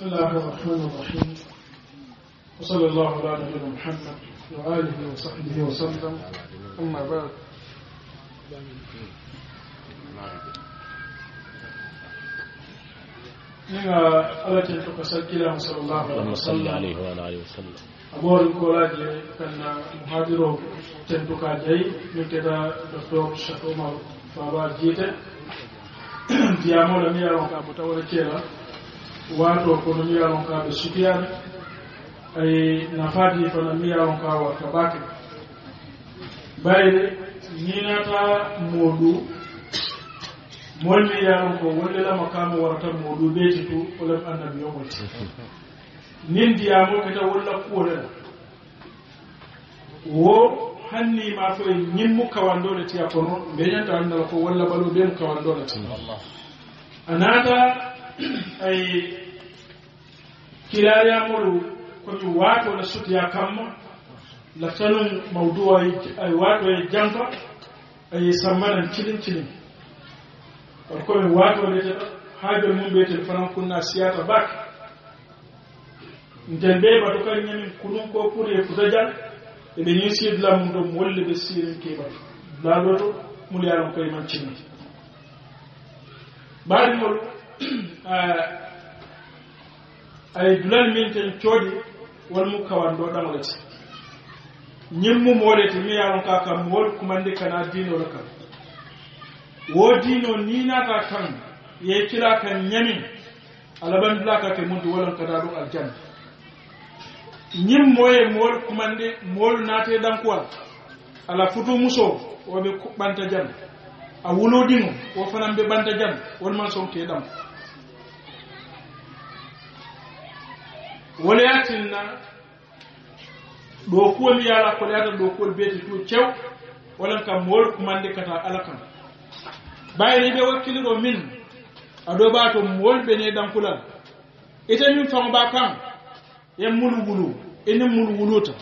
بسم الله الرحمن الرحيم وصلى الله على نبينا محمد وآله وصحبه وسلم أما بعد نيغا التي تقصد صلى الله عليه وسلم وسلم أمور الكوراج كان مهاجر تنتقى جاي من كذا دكتور شكوما فابا جيته ديامو لم يرون كابوتا ولا كيلا wato kono miyalonka ɓe sukiyani ay nafaati fana miyalonka warta baake bayde ninata modu molli yalon ko wollelama kamo warata be ci tu olem annabi yomol nin diyamo keta wolla kuwolela wo hanni ma foye ñimmu kawandoɗe tiya kono mbeñanta annala ko walla balu be mu da ti a naata ay kilayamoɗo komin waato la sotiya kamma la tanum mawdu ay waato e janfa aye sammanan cilin cilin par komin waatolete haajol mum mbiyeten fanan kunna siyata baake nten ɓe bato kadi ñamin kunum ko pour e futa jal eɓe ñi siidla mum ɗo wolle ɓe siirin kibat laaɗo to mulyalam koye man cinni ɓaɗimol ah, aya dulal minten cooɗi wonmo kawanɗo ɗamalati ñimmu moolete mi yawanka kam mool kumande kana dinoro kam wo dino ninaka kam yeytila kam ñamin alabandulaka ke mundu wolonkada ɗum aljanna ñim moye mool kumande moolu naate ɗankuwal ala futu muso oɓe kuɓɓanta jam a wulodimo o fanan ɓe ɓanta jam wonman sonke ɗanku walayatinna ɗokuwol yaala kolayata ɗokuwol beete to cew walan kam mool kumande kata ala kam ɓayni ɓe wakkiliro min aɗo ɓa to mool ɓene ɗankulal ite min faŋo ɓa kan yen mulu wulu enen mulu wuluta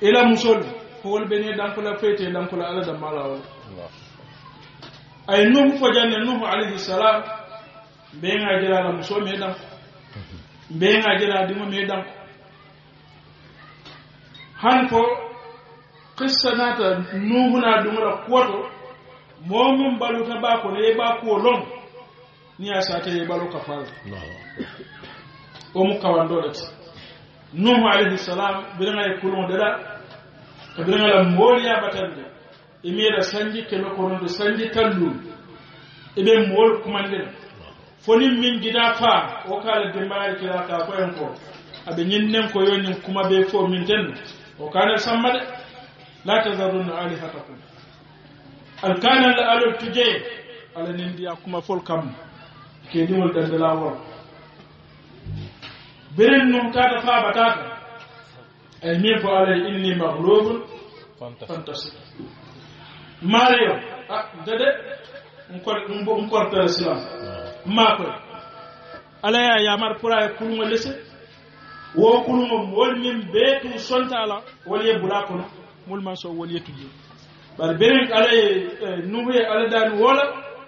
ila musol kowol ɓene ɗankula feyte ɗankula ala dammalawol ay nuhu fo janne nuhu alayhi salam ɓe ga jirala muso me ɗankula mbeŋa jela dimo me danko han ko qissa nata nuhuna dumora kuwoto momum baluta bako ne ye bakuwo lon ni a sata ye mu kafala omu kawandoɗati nuhu alayhi salam biraŋa ye kuloŋo dela ka biraŋa la mooliya batande imiyeɗa sanji keme konondo sanji tallum eɓe mool kumandira fonin min gida fa o kala demari kira ka ko en ko abe nyinnen ko yoni kuma be fo min ten o kala samma de la tazarun ali hatakum al kana la alu tuje ala nin dia kuma fol kam ke ni wol dande la wol beren num kata fa batata ay mi ko ala inni maghlubun fantastic mario ah dede on ko on ko tara silence makoy ala ya yamar pura e kulungo lese wo kulungo wol min betu sontala wol ye bula kono mul man so wol ye tuji bar beren ala ye nuhuye ala dan wola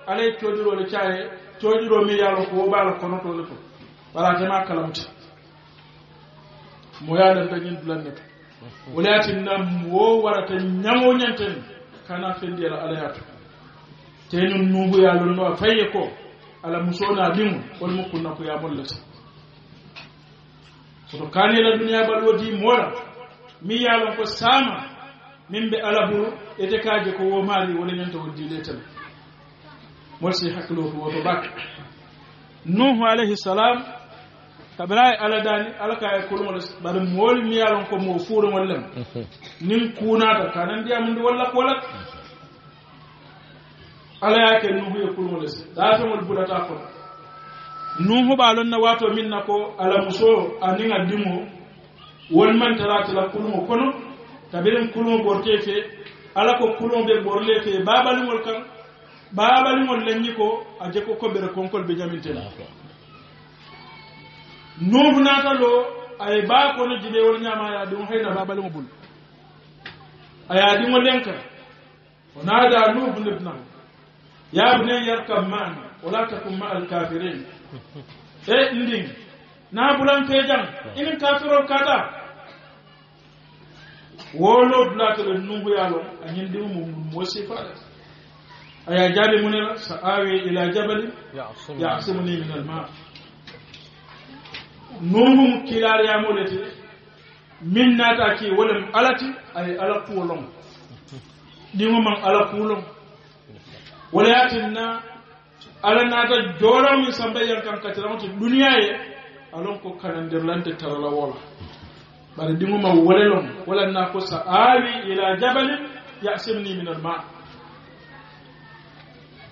ala ye codiro le caaye codiro mi yalo ko wo bala kono to le ko wala tama kalamta mo yaɗan dañin dulan neka walayatin nan wo warata ñamoñanten kana fendiyala alayatu te nun numbuyalon no faye ko ala mu soonaaɗimo on mukkunnako yamollata soto kaanila duniya bal wodi moola mi yaalon ko saama min ɓe alaburo ete kaaje ko womaali woni nen to woddi le tan molsi hakkiloko woto bak nuhu alayhi salam kaɓeraye aladani alaka e kolngol ɓaɗa mooli mi yaalon ko mo fuurongol lema nin kuunaata kanandiyamunde walla kolat ala yake nuhu e kulmole se daafeŋol bulata kono nuhu ɓa lon na waato min na ko ala muso aniŋa dimo wonmantarate la kulmo kono tabirin kulmo borte ke ala ko kulmo ɓe borle ke babaliŋol kan babaliŋol leñi ko a je ko koɓere konkol ɓe ñamintela nuhu naata lo aye baa kono jiɗewol ñama ya ɗum hayna babaliŋo bul aya ɗimo lenka o naada nuhu ya bne yarkam mana wala takum ma alkafirin e ndin na bulanke jan ini kafiro kada wolo dulatere nunguyalo a ñindimu mosifaɗe aya jaɓi munela sa awi ila jabali yasimuni min alma nungum kilaryamolete min nataki wolem alati ay ala kuwolong ɗimuman ala kuwolong walayatinna ala naata joora min samba yan kam katiramata duniya ye alon ko kanandirlante tarala wola bari ɗimuma wole lon wala na ko sa aawi ila jabalin yasimni min alma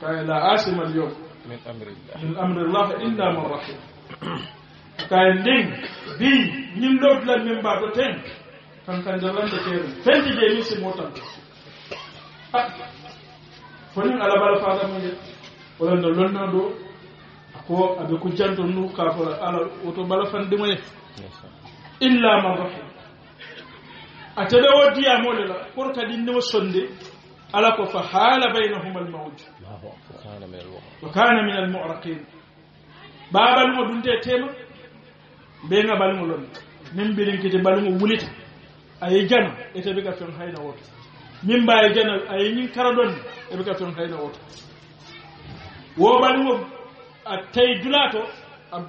kaye la asima alyom min amri llah illa man rahim kaye ndin bi ñin ɗotulan min mbato ten kankandirlante keren fenti je min simo tanto fonin ala bala fada mude wala no lonna ɗo ko aɓe ko janton nu ka fora ala woto bala fandimoye illa man rahim a teɓe woddiyamole la kor kadi no sonde ala ko fa haala baynahuma al mawdu wa kana min al muraqin ɓaɓalngo ɗumte tema ɓega ɓalngo lonna min ɓirinkiti ɓalngo wulita aye jan eteɓe ga fen hayna wotta min mbawi janal ayi min kara ɗon eɓe gatton kayna oto woɓanwom a tawi dulato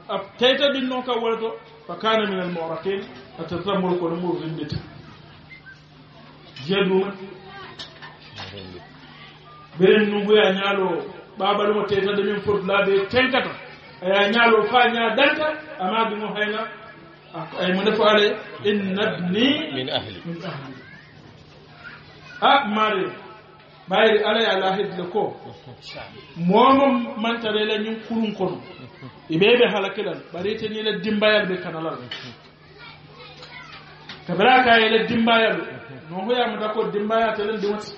a tawita ɗin noon kam wona to fa kana minal moratin a tata mol kono mur rendita jiyaduma ɓeren nu goya ñaalo ɓaɓalmo tetade min fotulaɓe tenkata aya ñaalo fa ña danta amadumo hayna aymo e nefo ala innabni min ahli min ahli a maare ɓayri ala ye ala hedle ko momo mantarela ñin kurun kono iɓeɓe halakilal ɓaritenila dimbayal ɓe kanalal kabira kayela dimbayal no hoyama dako dimbaya telen dimati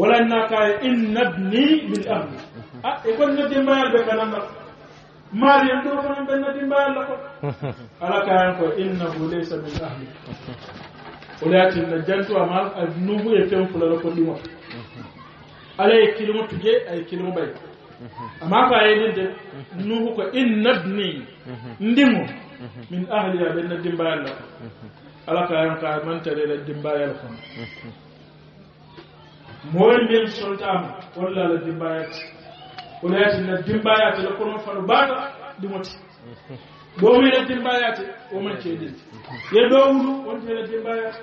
walanna kaye innabni min ahmi a ekonna dimbayal ɓe kanala mariam ɗo kono ɓenna dimbayal lako ala kayan koye innahu laysa min ahmi wulatinna jantu ama nubu e fen fulala kollimo ala ye kilimo tuje aye kilimo ɓay ama ko aye nin de nuhu ko inna bni ndimo min ahliya ɓenna dimbayalla ko ala ka yan ka mantarela dimbayal kono mool min soltama walla ala dimbayati wulatinna dimbayatela kono fano baata ɗimoti bo mi len tin mbayate o ye ɗo wulu wonti len mbayate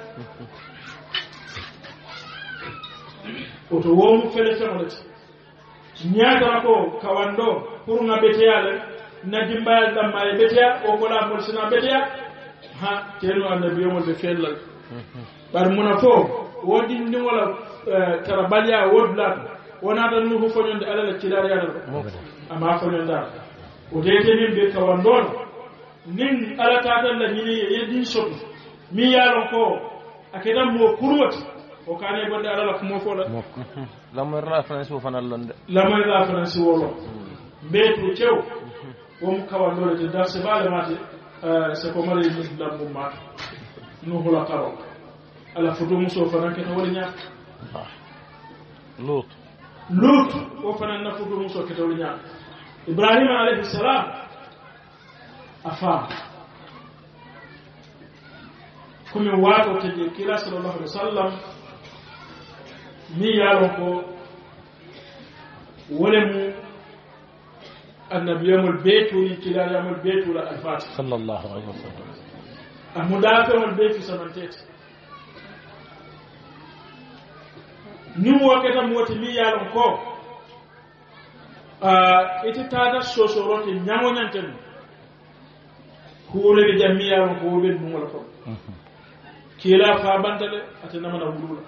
oto womu fele feŋolete ñaatara ko kawanɗo pour ŋa ɓeteya le na dimbayal e ɓeteya o kola molsina ɓeteya ha teno annabiyomol ɓe fellal ɓar muna fo wo dindiŋola eh, tara baliya wodulato wonatan nuhu foñonde alala cilariyaɗa ɗo ama foñondaɗa o detenin ɓe kawanɗono nin alataatal la ñini ye din sotu min ye lon ko a keta moo kurwoti o kaane gonde ala la kumo fo la lamoyrla franci wo fanal lon de lamoyrla franci wo lo mbeetu cew womu kawallore te dar se baale maate c'est ko mara yimɓe maata no karo ala foto musoo fanan keta wala ñaat ah. lut lut o fanan na foto musoo keta wala ñaat ibrahima alayhi salam afaa كم يواد keje kila صلى الله عليه وسلم مي ko ولم النبي يوم البيت وكلا يوم البيت ولا الفاتح صلى الله عليه وسلم المدافع البيت سمنتيت نمو وكذا موتي مي يالون كو ا آه، اتي تادا سوسورون نيامو نانتن kuurede jammiyama ko wowen dumola kon mhm. kiila fabanta de ata namana wuruula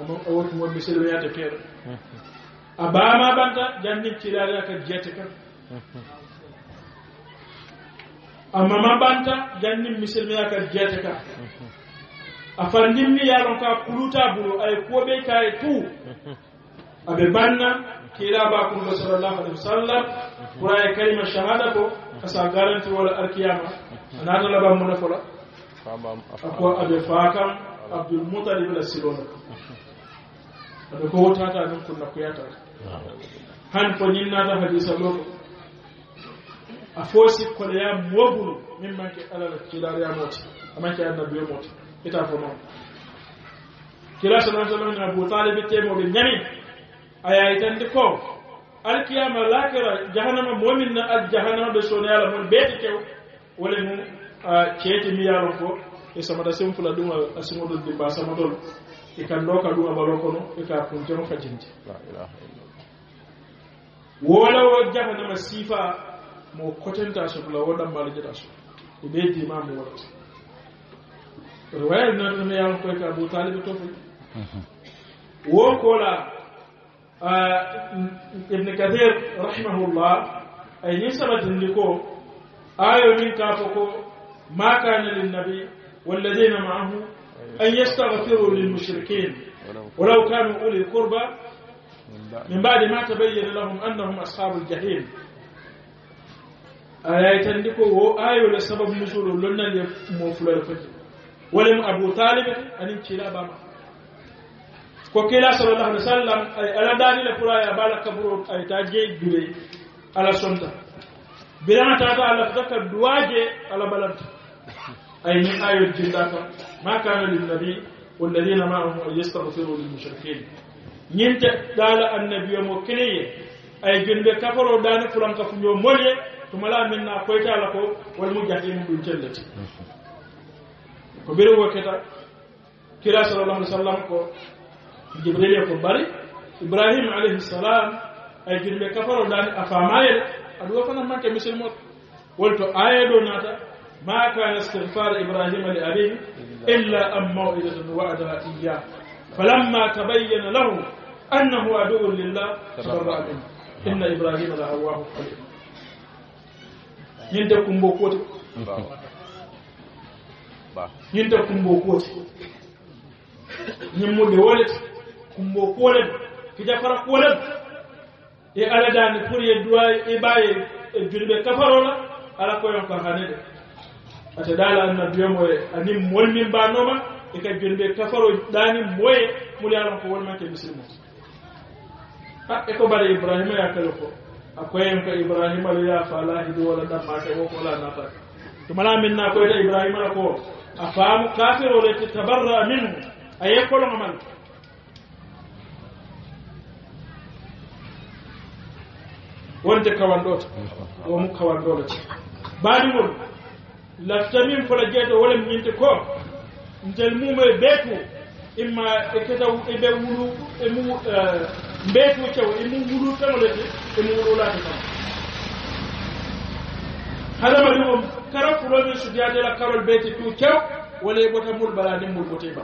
omo a wotu mo misilloyaade peere mhm. a bama banta jannin kiilade aka jeete kan mhm. amama banta jannin misilloya kad jeete kan a fandinmi yalon ka kuluta bulo aye kuoɓe kaye tout aɓe banna kiila bakunɗo sallllahu alehi wa sallam pour aye kalima shahada ko sa garanti wala alkiyama anata laba mune fola a ko aɓe fakam abdulmutalib la silona aɓe ko wotata min ko nakkuyata han ko ñinnata hadisa loko a foosi koɗoya mobunu min manke alala kilariya moti a manke annabiyo moti ita fo noon kila salaaaaminabou talibe temoɓe ñami a yayitandi ko alkiyama lakara jahanama momin na al jahanama ɓe soneyala mon beti kew wala mum mi miyalon ko e samata fula ɗum a sigoɗol dimba dol e kan ɗoka ɗum a ɓalo kono e ka punten fajinte wolawo jahanama sifa mo kotenta la wo mal jeɗa so e ɓe dima mo wala oto wayani na ɗum yalon e ka bu talib to fu mhm. wo kola آه، ابن كثير رحمه الله اي نسبة لكو آية من كافكو ما كان للنبي والذين معه أن يستغفروا للمشركين ولو كانوا أولي القربى من بعد ما تبين لهم أنهم أصحاب الجحيم آية لكو آية لسبب نزول لنا لمفلو الفجر ولم أبو طالب أن انتلا بمعه ko kila sallallahu alaihi wasallam ala dani le pura ya bala kaburo ay taje dure ala sonta bilana ta ta ala zaka duwaje ala balanta ay min ayat jindaka ma kana lin nabi wal ladina ma'ahu ay yastaghfiru lil mushrikeen nyinte dala annabi mo kiliye ay jinde kafaro dani fulan ka funyo molye tumala minna koyta la ko wal mujahidin dun cellati ko bere woketa kila sallallahu alaihi wasallam ko jibril e ko bari ibrahima alayhi salam ay jirme kafaro dan a adu aɗa wo fana manke misil mot wolto aya ɗo naata ma kana stifar ibrahim li abih illa am mawidatan wa'ada iyya falamma tabayyana lahu annahu adu lillah tabarra'a minhu inna ibrahim la hawahu halim ñin dekkun ba kooti ñin dekkun mbo kooti mudde wolete kumbo kuolem ki jafara kuolem e aladani pour ye duwa e baye e julɓe kafarola ala koyon korhanede ata dala anna duyamoye anin molmin banoma e ka julɓe kafaro ɗani moye muli alam ko wolmanke misilmo a e ko mbaɗa ibrahima yakale ko a koyen ko ibrahima wiya fala hido wala dammake wo kola nafaka tumala minna koyta ibrahima la ko a faamu kafirole ti tabarra minhu a yekkolongo manta wonde kawan ɗo to o mu kawan ɗo loti baani mum lafta min fola jeeɗo wolem minde ko ndel mumo e ɓeetu imma e keta eɓe wulu emu eh, mbeetu cew e mu wulu tamoleti emu wuɗulaade kam hadama ɗi mum kara fulomi so jaadela karol beeti tu cew wala e ɓota mul mbala nin mul ɓoteba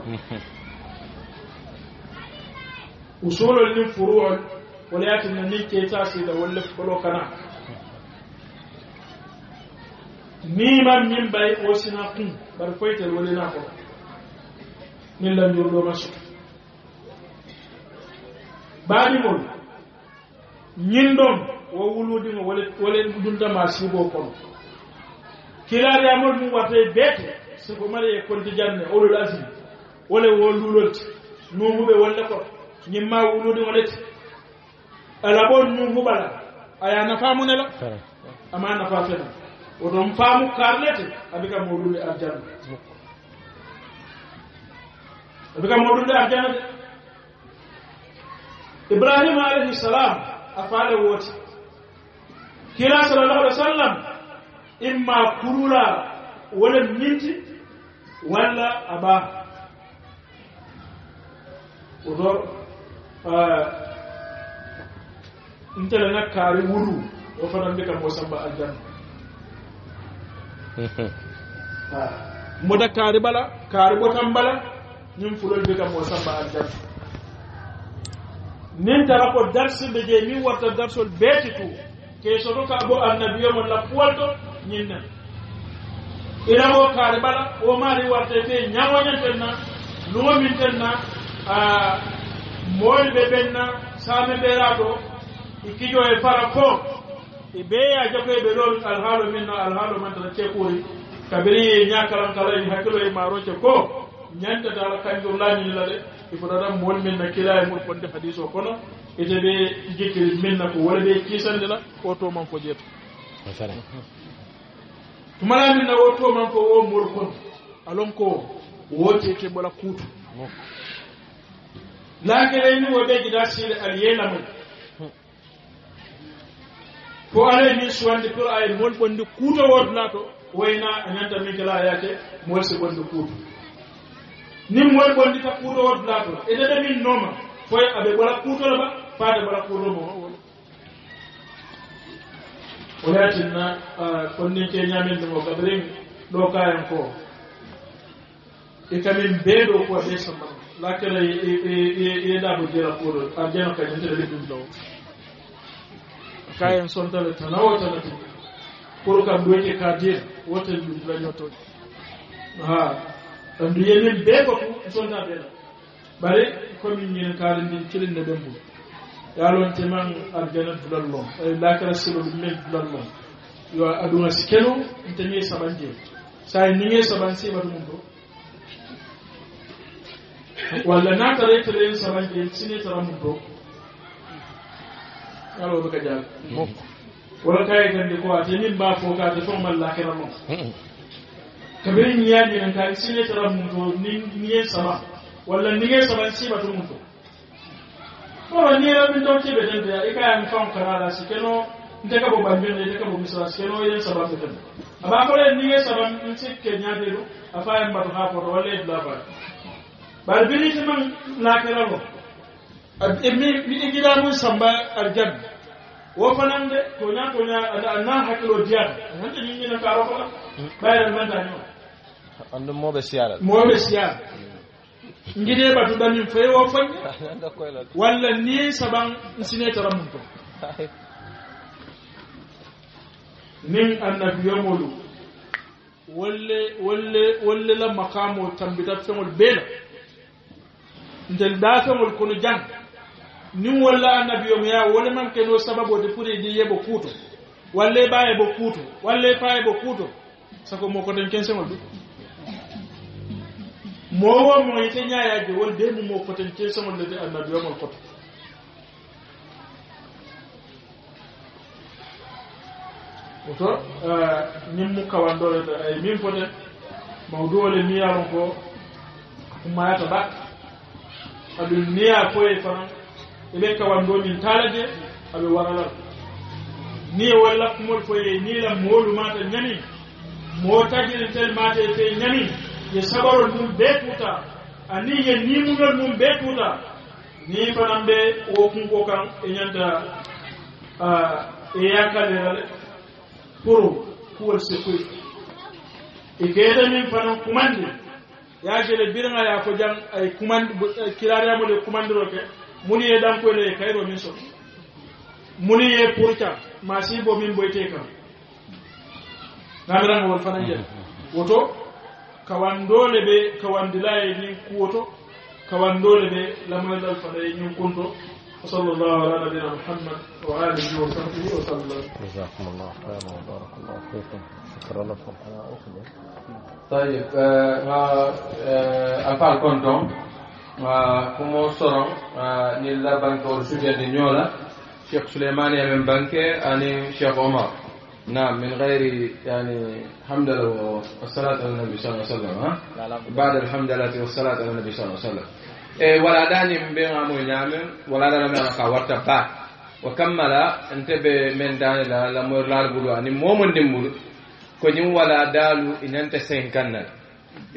usulol nin furuol wala ya tunna ni ke ta da wala kolo kana ni man min bai o sina kun bar koitel wala na ko min lan yo do masu bani mol nyindom wo wuludi mo wale wale dunda ma sibo kila kilari amol mu wate bete soko mare e konti janne olul asiri wale wo lulot no mube wala ko nyimma wuludi wala ti alabon ñum huɓala aya nafamu nela ama nafa fena oɗon faamu karlete aɓe ka moɗude arjana aɓe ka moɗude arjana de ibrahima alayhi salam a faale wooti kila sallallahu alih w sallam imma kurula wolen minti walla aba oɗo ah, ntele na kaari wulu o fana bɛ ka mɔ sanba aljanna ah. mɔda kaari bala kaari bɔtan bala nin fulo bɛ ka mɔ sanba nin taara ko darsi bɛ je min warta darsol bɛɛ ti tu k'e sɔrɔ ka bɔ annabiya mɔ la puwalto nin na ina bo kaari bala o maari warta te ɲaŋoɲa ten na luŋo min ten na ah, mɔɔli bɛ bɛn na saame bɛɛ la dɔn ikkijo e farako e ɓeeya jogoyɓe ɗon alhaalo min no alhaalo man tata ceekuuri kabiri ñakalan kala en hakkilo e maroce ko ñandadala kañjum laañinila de i fotata molmin no kila e murkonde hadis o kono ete ɓe jikkiri minna ko wala ɓe kiisande la o to man ko ƴeeto tumana minna o to man ko o murkon alon ko wotiete bola kuutu oh. lakeleni o ɓe jida siile aliyena mum ko alay min suwandi pour ay mol bonde kuuto na to wayna nanta min kala yake mol si bonde kuuto mon mol bonde ta kuuto na to edede min nooma abe wala kuto la ba faade wala kuto mo kon ni ke ñaminde mo gabrin ɗo kayan ko e kamin beeɗo ko e samban lakkala bo jera kuuɗo a jena kañum tede dum do kayen sontale tanawo tanatu pour kam ɗoyke ka dir wotel ɗum nyoto ha andu yemin be ko sonna ɓeɗa ɓare komin ñin kaalen ndin kilinde ɓen bum yalonte man aljana dulal lon ay lakara silo ɗum men dulal lon yo aɗuma sikeno nteñe saɓanje sa niŋe saɓan siɓatu mum ɗo walla natara telen saɓanje sine tara mum ɗo kalo be ka jaabi wala kaye gandi ko ate min mba fo ka te somal lakira mo kabiri ñiyaji nan ka sine tara mum to niye saba wala ni niye saba sibatu mum to ora ni ra min don tibe tan da ika am fam karala sikeno nte ka bo banjon nte ka bo misra sikeno yen saba A ba fɔ ne ni niye saba min sikke nyaade do afa am ba ha ko wala ibla ba bar bini man lakira mo miɗi gida mum samba ar jabbi wo fanande toña toña anna hakkilo diyata hande min ñina ka rokola ɓayran mantani o on ɗum moɓe siyala moɓe siyala giɗe ɓatuɗa min foye wo foñe walla ni saban sinetara mum to nin annabiyomolu wolle wolle wollela makamo tambita feŋol beela ntel ɗa feŋol kono jang min walla annabiyo mo ya wole manke no sababu de pour ni yebo kuuto walle baye bo kuuto walle faye bo kuuto sago mo koden kensengol du mowo mo ite ñayaji won de mum mo koten kensengol lede annabiyo mol koto oto min eh, mu kawandoreɗo ay min fode mawdowole miyamo ko kumayata ba aɗum miya koye fana e ɓe kawan ɗo min taalade aɓe waralal ni e wallakkumol foye e nila moolu mata ñami mootagiren tel mata e fe ñami ye sabarol mum be puuta ani ye nimugol mum be puuta ni fanan ɓe o kunko kan e ñanta e yakalerale pour kuwol sekuy e geeda min fana kumandi yaajele birga ya ko jam ay kumandi kirariyamole kumandiroke muni ye dankoyle ye kayro min soto muni ye pourta ma sibo min boyte kam namiranga won fana jeeta woto kawandole ɓe kawandilaye nin kuwoto kawandole ɓe lamoyelal fada e ñin kunto وصلى الله على نبينا محمد وعلى اله وصحبه وسلم. جزاكم الله خيرا وبارك الله فيكم شكرا لكم على طيب ها افعل كنتم kumo soron ni la banque wol sujede ñoola cheikh souleymane yamen banque ani cheikh omar نعم من غير يعني حمد لله والصلاة على النبي صلى الله عليه وسلم ها بعد الحمد لله والصلاة على النبي صلى الله عليه وسلم إيه ولا داني من بين عمو نعم ولا داني من أخا وارتبا وكمل أنت من داني لا لمر لا بلو أني مو من دمول كوني ولا دالو إن أنت سين كنا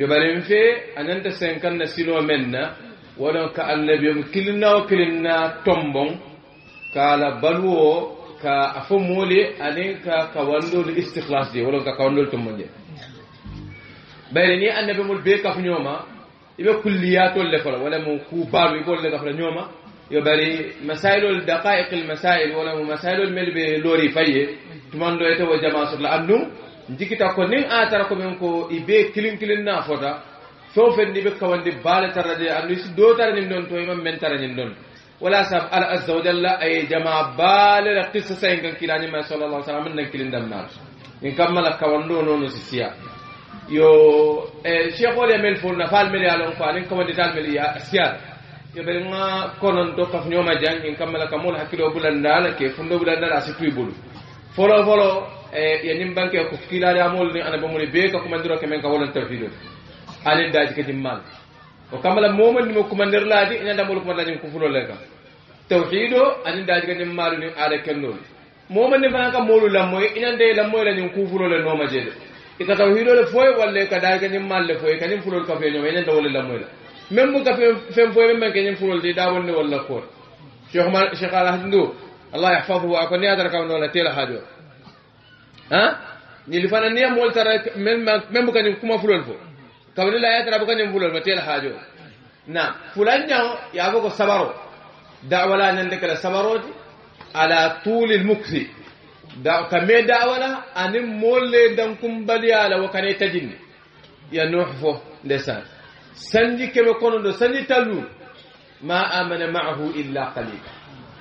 يبالين في أن أنت سين كنا سيلو منا ولن كالنبي كلنا وكلنا تنبون كالا بلو ka a fo moole aniŋ ka kawandolu istikhlas je walla ka kawandolu tombo je bayri ni annabi mul be kaf ñooma ibe kulliyatol le fola walla mu ku baalu ibol le kaf la ñooma yo bari masailol daqaiq al masail walla mu masailol mel be lori faye tumando ete wo jama sur la andu jikita ko niŋ a tara ko men ko ibe kilin kilin na fota سوف ندي بك وان دي أنو يسي دو ترى نندون تو إمام من ترى نندون ولا سب على الزوج الله أي جماعة بالة لقصة سينك كيلاني ما صلى الله عليه من نكيلن دم نار إن كم ملك كوندو نونو سيسيا يو إيه، شيخ ولي من فول نفال ملي على أنفال إن كم ندي ملي يا سيار يو بل ما كونن تو كف نيوم جان إن كم ملك كمول حكيلو بلن نال فندو بلن نال أسيكوي بلو فولو فولو يعني بانك يكفكيلا يا مول أنا بمولي بيك أكو مندرو كمين كولن ترفيدو halin da jika jimmal o kamala moman ni ko man nirlaati ina da mol ko man ko fulo le kam tawhido anin da jika jimmal ni ala kenno moman ni banaka molu lamoy ina de lamoy la ni ko fulo le no majede ika tawhido le foy walle ka da jika jimmal le foy kanin fulo ka fe nyoma ina da wala lamoy la même bu ka fe fem foy men kanin fulo de da wonde wala ko cheikh mal cheikh al haddu allah yahfazuhu akoni adara kam no la tela hajo ha ni lifana ni amol tara même même kanin kuma fulo le foy كبر لا يترى بك نعم فلان يا ابو صبروا دعوة لا نندك صبروا على طول المكث دع كم دعوة لا أن مول دمكم بليا لو كان يتجني يا نوح فو لسان سنجي كم كونو سنجي تلو ما آمن معه إلا قليل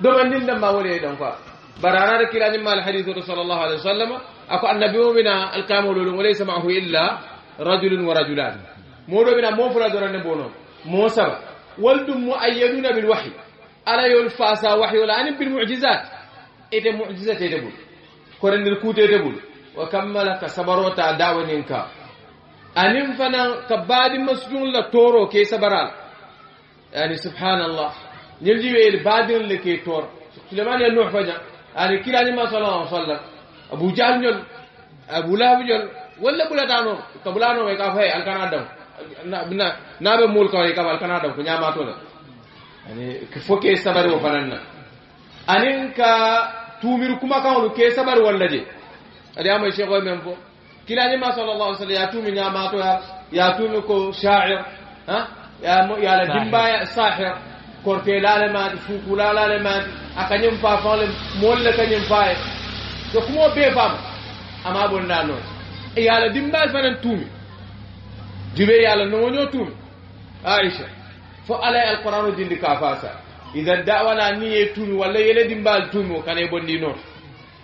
دوما نندم ما ولي دمكم برانا ركيلاني مال حديث رسول الله عليه وسلم أكو النبي منا الكامل وليس معه إلا رجل ورجلان مولو بنا مو فلا دوران بونو مو سبا والدم مؤيدون بالوحي على يلفاسا وحي ولا ان بالمعجزات إذا معجزة يدبول كورن الكوت يدبول وكملك صبروتا انكا انم فنا كباد مسجون لا كي سبرال يعني سبحان الله نلجي بيل بادن لكي تور سليمان ينوح فجأ يعني كلا نما صلى الله عليه وسلم أبو جهل أبو لهب walla ɓulatano ka ɓulanoma ka faye alkana dam naɓe muul kawai kam alkana dam ko ñamatola ani fo ke sabari o fananna Ani ka tumir kuma kaŋolu ke sabari walla je adi amay cheikhoy men fo kilañima sallallahu sallam ya tumi ñamatoya ya tumi ko shair ha ah, yala dimbaya sahir korte lale mati fuukula lale mati a kañim fa faŋle moolu le kañim faye so kumo be fama ama bonnda noon yàlla dimbal fanan tuumi jube yàlla nowoñoo tuumi A'isha. fo alay alquranu dindi ka fasa ida dawana ni ye tuumi wala yele dimbal tuumi o kana bondi noto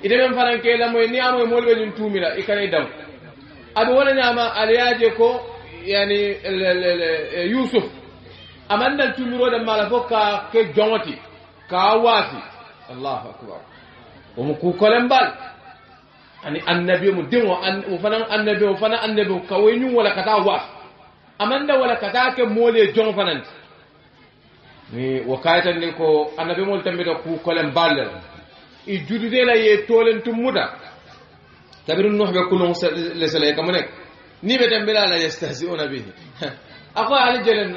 ite men fanan ke la lamoye ni amoye moolu ɓe ñum tuumila i kana daw aɓe wona ñama alayaje ko yani yusuf amandal tuumiroɗe mala fof ka ke joŋoti ka waasi allahu akbar mu kukolen mbal ani annabi mu den wa an fana annabi wa fana annabi ka waynu wala kata wa amanda wala kata ke mole jon fanan ni wakayta ni ko annabi mol tambi ku kolen balle i judude la ye tolen tumuda tabiru nuh be kulun le sele kam nek ni be tambi la yastahzi'una bihi akwa ali jelen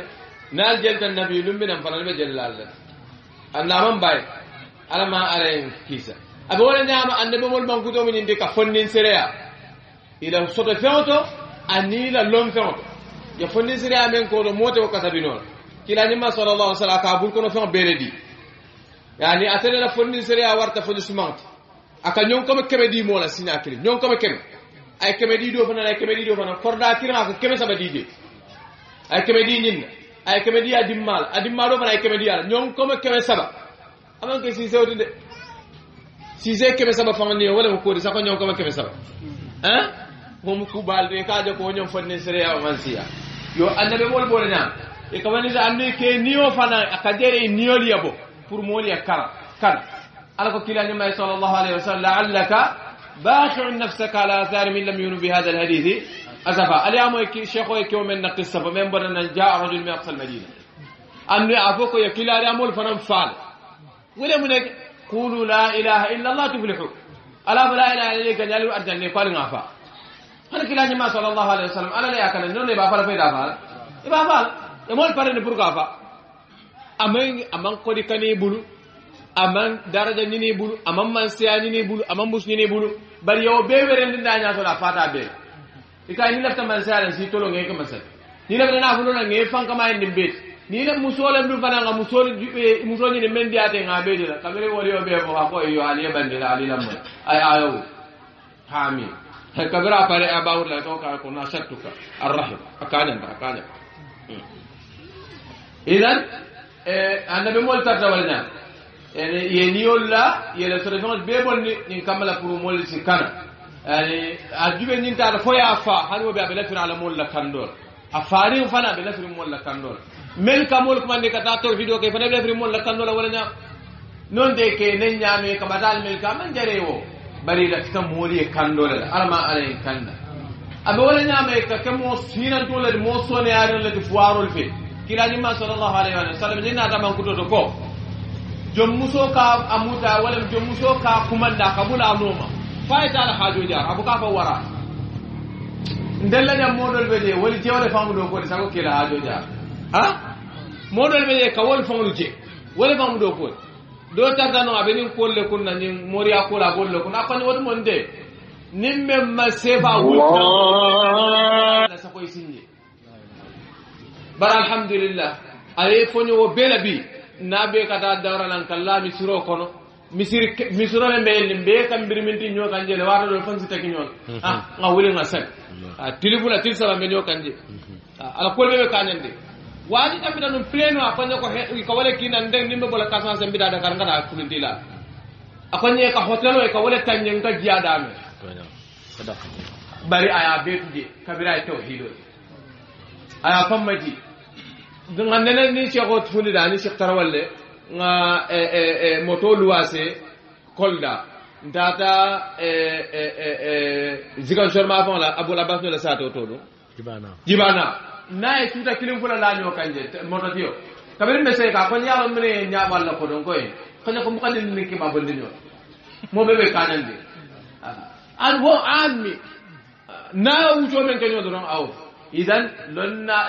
nal jel tan nabi lumbi nan fanan be jel la Allah annaman bay alama alayin kisa aɓe wona ñaama annabemol mankudomin indi ka fonnin séréya ila soto feŋo to aniila lon feŋo to yo fonnin séréya men koto moote wo kasabi noon kilañimma sallallah sallam ka bul kono feŋo beele ɗi yani a tenena fonnin séréya warta foñi sumante aka ñonkome keɓe ɗi moola sina kili ñonkome keɓe ay keɓe ɗi ɗo fanan ay keɓe ɗi ɗo fanan korda kirma ko keɓe saba ɗi de ay keɓe ɗi ñinna ay keɓe ɗi a dimmaala a dimma ɗo fana ay keɓe ɗi ala ñonkome keɓe saba aman ke sisewti de sise keme saba faŋandiŋ wala ko koodi sako ñoŋ kama keme saba hein homu kubaalu i ka je ko wo ñoŋ fonniŋ sereya o maŋ siya yo annabe moolu boole naa i kamanita andu ke niyo fanaŋ a ka jere i niyolu ye bo pour moolu ye kara kara ala ko kila ñamaye sal allahu alayhi wa sallam laallaka باخع نفسك على اثار من لم يؤمن بهذا الحديث اسفا اليوم شيخو يكيو من قصه فمن بدنا جاء رجل من اقصى المدينه ان افوكو يكيل اليوم الفنان فال ولا منك qulu la ilaha illa allah tuflihu ala la ilaha illa allah ganyalu arjanne ko alinga fa hal kila nyima sallallahu alaihi wasallam ala la yakana non ba fala fayda fa iba fa e mol pare ne burga fa A man ko di kane bulu man daraja ni ne bulu a man siya ni ne bulu a man bus ni ne bulu bari yo be werende da nya so la fata be ika ni lafta man siya ran si tolo ngai ko masal ni lafta na fulo na ngai fan kama en dimbet ni na musolen du fana nga musol musol ni men dia te ngabe dira kamere wori obe ko ko yo ali bandira ali lamu ay ayo hami kabira pare abawu la to ka ko na sattuka arrahim akana nda akana idan eh annabi mol tarta walna ene yeniyol la yele solution be bonni ni kamala pour mol si kana yani ajube ni ta fo ya fa hanwo be abela tira ala mol la kandor afari fana abela tira mol la kandor men kamol kumande kata tawhido ke fana ɓe firi mol la kando la wala ña non de ke nen ñaame kamatal men ka man jare wo bari la kita mooli e kandole la alama alaye kanda aɓe wala ñaame ka ke mo sinantolede mo soneyarinlede foirol fe kilañimma sallllahu alayhi wa sallam ni natamankutoto ko jom muso ka amuta wala jom muso ka kuma kumanda ka bula noma fayitala haajoji ara abo ka fa wara ndella ñammoɗol ɓe de woli jewle famuɗo kode sago kila haajoji ara a moɗol mene ka wol famru je wole famu ɗo kon do tardano aɓe nin kolle kunna nin moriya kola golle kun akkani wot mon de nin men ma sefa wulna sakoye sinñe bara alhamdulillah aye foñowo bela bi na ɓe kata dawralan kalla misiro kono misiri misiro ɓe mbeyenni mbe kambiri minti ñokanjele wata ɗo fansi taki ñoon a ah, nga wulinga sen a ah, tili fula tili saba mbe ñokanje ah, ala kolɓeɓe kañande waati tambita num fileno a koñe ko ko wole kinan nden nimɓe bola kasance mbita dakar ngata kulintila a koñe ka hotelo e ka wole tañen ka jiyadame bari aya betude kabira e tawhidoje aya fammati nga nene ni cheikho fulida ni cheikh tarawalle nga moto luwase kolda ntata zigan sorma fon la abou abbas no la sato to ɗum jibana jibana na ye suuta kilin fula la ñoo kanje mototiyo kabiri me seeka kon yaalo mene ñaɓalla ko ɗon koye kono ko mukadin ni kima bondi ñoo mo ɓeɓe kanandi an wo anmi na wucoo men keñoo doron aw idan lonna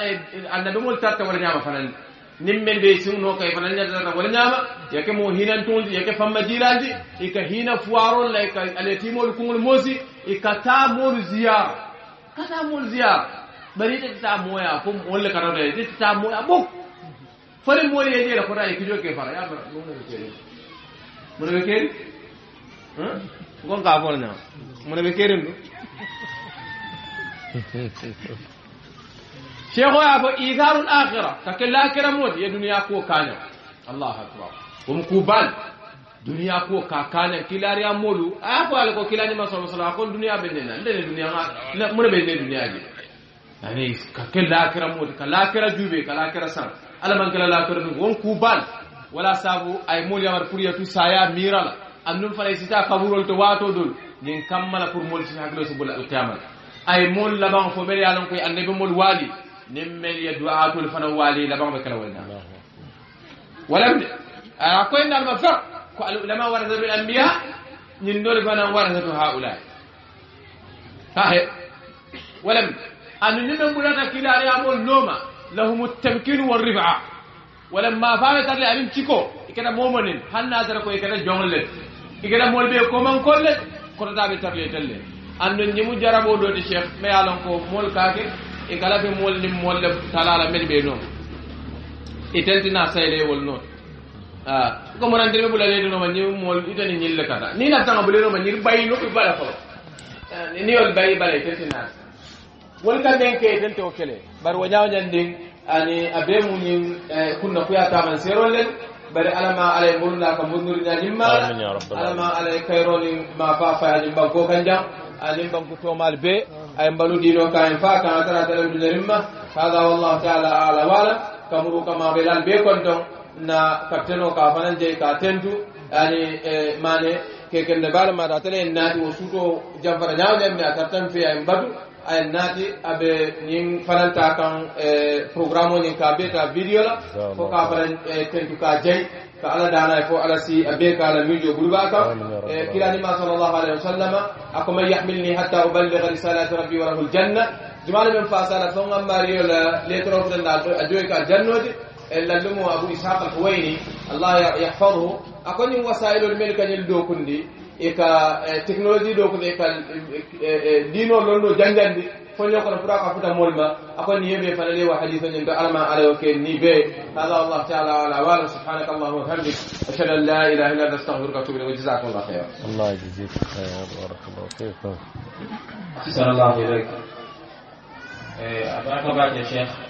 annabi mol tarta wala ñama fanandi nin men ɓe siwno kay fana ñatata wala ñama yake mo hinantundi yake famma dilandi ika hina foirolla ika aletimolu kugol moosi ika ta molu ziyara kata molu ziyara bari ite tita moya ko wolle karata ite tita moya bok fari moye ye la kota e kijo ke fara ya mara mo ne ke mo ne ke hmm ko ka ko na mo ne ke rin شيخو يا ابو ايثار الاخره تكل الاخره موت يا دنيا كو كان الله اكبر ومكوبال دنيا كو كان كيلار يا مولو اكو على كو كيلاني ما صلى الله عليه وسلم دنيا بيننا لا دنيا ما لا من بين دي يعني كل لا كرم ولا كلا كرا جوبة كلا كرا سام ألا من كلا لا كرا نقول كوبال ولا سابو أي مول يا مرحوري يا تسايا ميرا لا أنون فلسيتا كابور التواتو دول ين كمل كور مول سيها كلو سبلا القيامة أي مول لبام فمري ألون كي النبي مول والي نمل يدعاء كل فن والي لبام بكرا ولا ولم أقول إن المفسر قالوا لما ورثوا الأنبياء ينور فنا ورثة هؤلاء فاهم ولم أن نمن لك كلا ريام مول لهم التمكين والرفعة ولما فاوت على أمين تيكو إكنا مومنين هل نازركو إكنا جونل إكنا مول بيه كومان كل دابي تبلي تلي أن نمو جربو دوتي شيخ ما كو مول كاكي إكلا في مول نم مول تلالة من بينو إتلتنا سيلي والنور ah ko mo nan dirbe bulale do man ni mo ita ni nyille kata ni na tanga bulale do man ni bayino ko bala ni bayi wol den ke den to kele bar wo nyaaw nyande ani abe mu eh, kunna ku ya ta man serol len bar alama alay bunna ka murnur nya nimma alama alay kayrol ma fa fa ni ban ko kanja ani ban ku to mal be ay mbalu dino ka en fa ka tara tara du nimma hada wallahu ta'ala ala wala kamru kama belan be kon don na kapteno ka fanan je ka tentu ani eh, mane kekende bal ma da tele na wo suto jamfara nyaaw mi a tartan fi ay mbadu ay naati abe ñing faranta kan programme o ñing ka beta video la fo ka faran tentu ka jey ka ala dana fo ala si abe ka la video gurba ka kirani ma sallallahu alaihi wasallam akuma yahmilni hatta uballigha risalati rabbi wa rahul janna jumala min fasala fo ngam mariyo la le tro fo dal ajoy ka jannodi lallumo abu ishaq al-huwaini allah yahfazuhu akoni wasailul milka ñil kundi ika technology do ko ika dino lonɗo janjandi fonño kono pour ka futa molma akoni yeɓe fanale wa hadise ñen to alama o ken ni be ala allah taala ala wala subhanaka wa hamdik ashhadu an la ilaha illa anta astaghfiruka wa atubu ilayk wa jasakum llah khair allah jazik hayr barakallahu fikum ahsan eh abaka ba bake sheikh